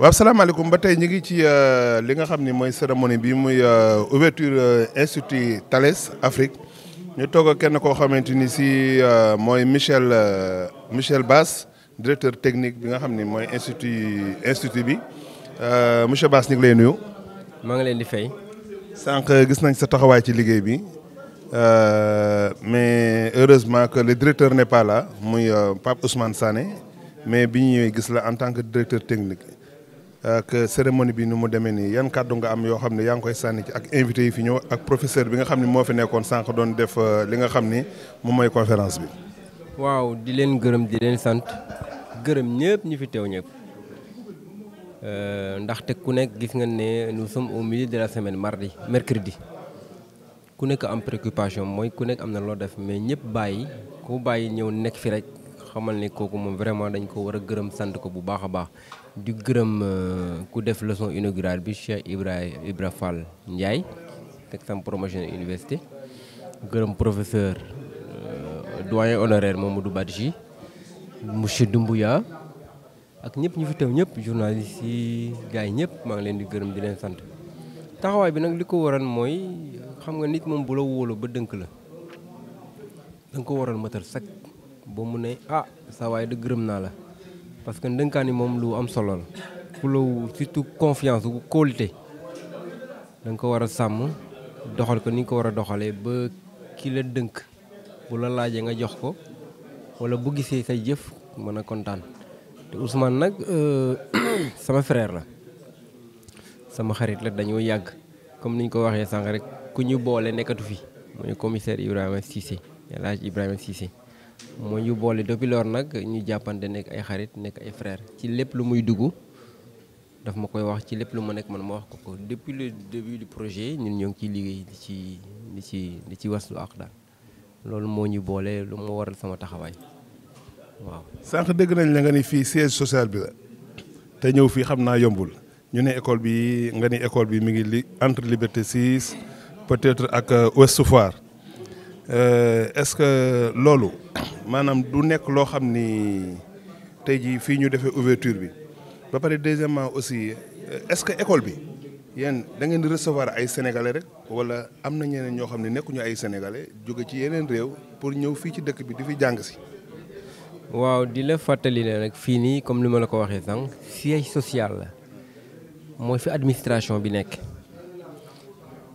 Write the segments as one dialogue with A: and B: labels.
A: waaw salaamaaleykum ba tey ñu ngi ci euh, li nga xamni moy cérémonie bi muy euh, ouverture euh, institut Thales Afrique ñu togo kenn ko xamanteni ci si Michel Michel Bass directeur technique bi nga xamni moy institut institut bi monsieur Bass ñu ngi lay nuyu.
B: mang ngi leen di fay.
A: sank gis nañ sa taxaway ci liggéey bi mais heureusement que le directeur n'est pas là muy Pape Ousmane Sané mais bi ñuy gis la en tant que directeur technique ak euh, cérémonie bi nu mu demee nii yan kàddu nga am yo xam yang koy sanni ci ak invité yi fi ñëw ak professeur bi nga xam mo fi nekkon sank doon def euh, li nga xam ni may conférence bi.
B: waaw di leen gërëm di leen sant gërëm ñëpp ñi fi teew ñëpp euh, ndaxte ku nekk gis nga né nous sommes au milieu de la semaine mardi mercredi ku nekk am préoccupation moy ku nekk am na loo def mais ñëpp bayyi ku bayyi ñëw nekk fi rek. xamal ni kooku moom vraiment dañ ko war a gërëm sant ko bu baax a baax di gërëm euh, ku def leçon inaugurale bi Cheikh Ibrahima Ibra Fall Ndiaye teg sam université gërëm professeur euh, doyen honoraire Mamadou Badji monsieur Doumbouya ak ñëpp ñu fi teew ñëpp journaliste yi gars yi ñëpp maa ngi leen di gërëm di leen sant taxawaay bi nag li ko waral mooy xam nga nit moom bu la wóolu ba dënk la da ko waral matal sakk ba mu ne ah sa waay de gërëm naa la parce que ndënkaan yi moom lu am solo la fulow surtout confiance bu kóolute da ko war a sàmm doxal ko ni nga ko war a doxalee ba ki la dënk bu la laajee nga jox ko wala bu gisee say jëf mën a kontaan te Ousmane nag euh, sama frère la sama xarit la dañoo yàgg comme niñ ko waxee sànq rek ku ñu boole nekkatu fi mooy commissaire Ibrahima Cissé El Ibrahima Cissé moo ñu boole depuis lors nak ñu jàppante nek ay xarit nek ay frère ci lepp lu muy duggu daf ma koy wax ci lepp lu ma nek man ma wax ko ko depuis le début du projet ñun ñong ci ciy liggéey ci di ci di ci waslu ak daal mo ñu boole lu mo waral sama taxaway
A: waaw. sànq deug nañ la nga ni fi siège social bi la te ñew fi xamna yombul ñu né école bi nga ni école bi mi ngi entre Liberté 6 peut-être ak euh, Ouest Foire Euh, est-ce que loolu maanaam du nekk loo xam ni tey jii fii ñu defee ouverture bi ba pare deuxièmement aussi euh, est-ce que école bi yenn da ngeen di recevoir ay sénégalais rek wala am na ñeneen ñoo xam ne nekkuñu ay sénégalais jóge ci yeneen réew pour ñëw fii ci dëkk bi di fi jàng si.
B: waaw di la fàttali ne rek fii nii comme li ma la ko waxee sànq siège social la mooy fi administration bi nekk.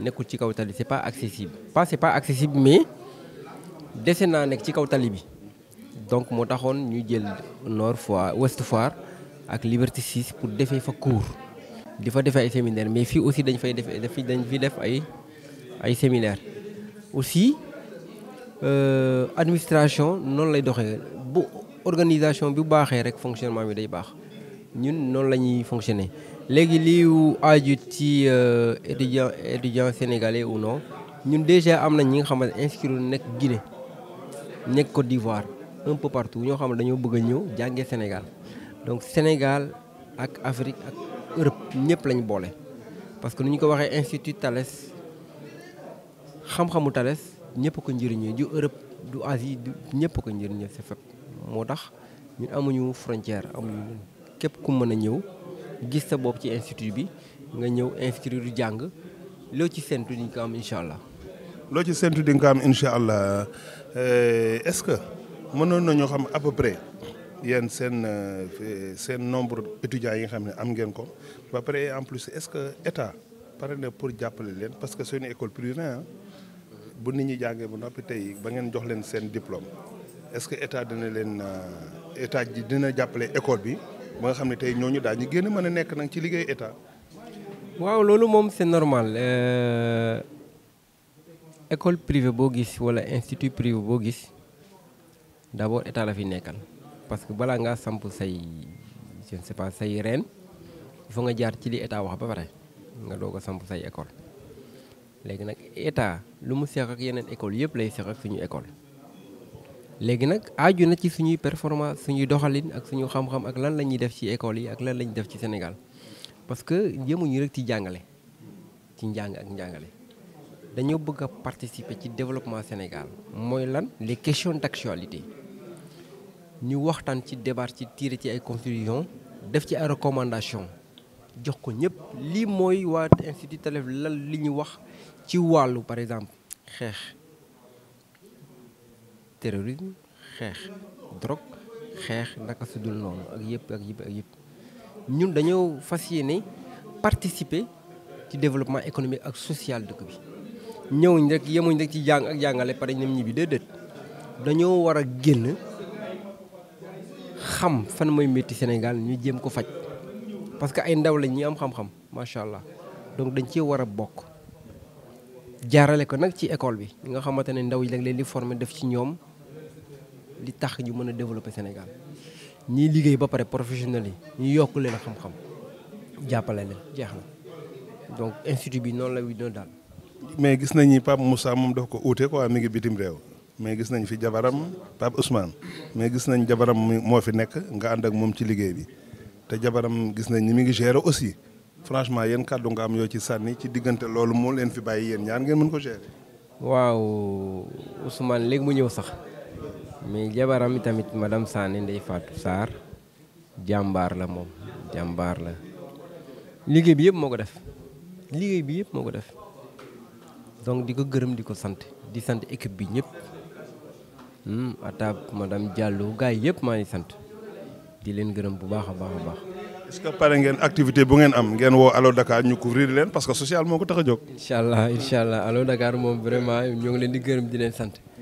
B: nekkul ci kaw tali c'est pas accessible pas c'est pas accessible mais dese naa ci kaw tali bi donc mo taxone ñu jël Nord Foire Ouest Foire ak Liberté 6 pour défé fa cours di fa defee séminaire mais fi aussi dañ fay def dañ fi def ay ay séminaire aussi euh, administration non lay doxé bu organisation bi baxé rek fonctionnement bi day bax ñun non la fonctionner léegi lii aju ci euh, étudiant étudiant sénégalais ou non ñun déjà am nous ñi nga xamante inscrire nekk Guinée nekk Côte d'Ivoire un peu partout Nous sommes ne dañoo bëgg ñëw Sénégal donc Sénégal ak Afrique ak Europe ñëpp lañ boole parce que nu ñu ko waxee institut Thalès xam-xamu Thalès ñëpp ko nous. du Europe du Asie du ñëpp ko nous. c'est fait moo tax ñun amuñu frontière amuñu képp quelques mën ñëw gis sa bopp ci institut bi nga ñëw du jàng loo
A: ci séntu di ko am incha allah. loo ci séntu di am incha allah euh, est-ce que mënoon nañoo xam à peu près yéen seen euh, seen nombre étudiants yi nga xam ne am ngeen ko ba pare en plus est-ce que état pare na pour jàppale leen parce que c'est une école privée ah bu nit ñi jàngee ba noppi tey ba ngeen jox leen seen diplôme est-ce que état dina leen euh, état ji dina jàppale école bi. ba nga xam ne tey ñooñu daal ñu gën a mën a ci liggéey état. waaw
B: c'est normal euh, école privée boo gis wala institut privé bogis. gis d'abord état la fi nekkal parce que balaa ngaa samp say je ne sais pas say reen il faut nga jaar ci li état wax ba pare nga sampu a samp say école eta nag état lu mu seq ak yeneen école yëpp lay ak suñu école. léegi nag aaju na ci suñuy performance suñuy doxalin ak suñu xam-xam ak lan la ñuy def ci école yi ak lan lañu def ci Sénégal parce que yëmuñu rek ci jàngale ci njàng ak njàngale dañoo bëgg a participer ci développement Sénégal mooy lan li question d'actualité ñu waxtaan ci débat ci tiire ci ay conclusions def ci ay recommandations jox ko ñëpp lii mooy waa institut Talév lan li ñu wax ci wàllu par exemple xeex. terrorisme xeex drogue xeex naka su dul noonu ak yëpp ak yëpp ak yëpp ñun dañoo fas yéene participer ci développement économique ak social dëkk bi ñëwuñ rek yemuñ rek ci jàng ak jàngale pare ñoom ñibbi déedéet dañoo war a génn xam fan mooy métti Sénégal ñu jéem ko faj parce que ay ndaw la ñi am xam-xam macha allah donc dañ cee war a bokk jaarale ko nag ci école bi nga xamante ne ndaw yi da leen li former def ci ñoom. li tax ñu mën a développer Sénégal ñiy liggéey ba pare professionnels yi ñu yokk leen xam-xam jàppale leen jeex na donc institut bi noonu la wi
A: mais gis nañ ni Pape Moussa moom ko uute quoi mi ngi bitim réew mais gis nañ fi jabaram Pape Ousmane mais gis nañ jabaram mo fi neke nga ànd ak moom ci liggéey bi jabaram gis nañ ni mi ngi gérer aussi franchement yéen kàddu nga am yoo ci sànni ci diggante loolu moo leen fi bàyyi yéen ñaar ngeen mën ko gérer. waaw
B: Ousmane léegi mu ñëw sax. mais jabaram yi tamit madame Sané ndey Fatou sar jambar la mom jambar la ligue bi yëpp moko def ligue bi yëpp moko def donc diko ko diko sante di sante équipe bi hmm atab madame Diallo gars yi yëpp maa ngi sante di leen gërëm bu baaxa baaxa
A: baax est-ce que pare ngeen activité bu ngeen am ngeen wo Allo Dakar ñu couvrir leen parce que social moko taxajok
B: inshallah inshallah jóg. Allo Dakar mom vraiment ñoo ngi leen di gërëm di leen sante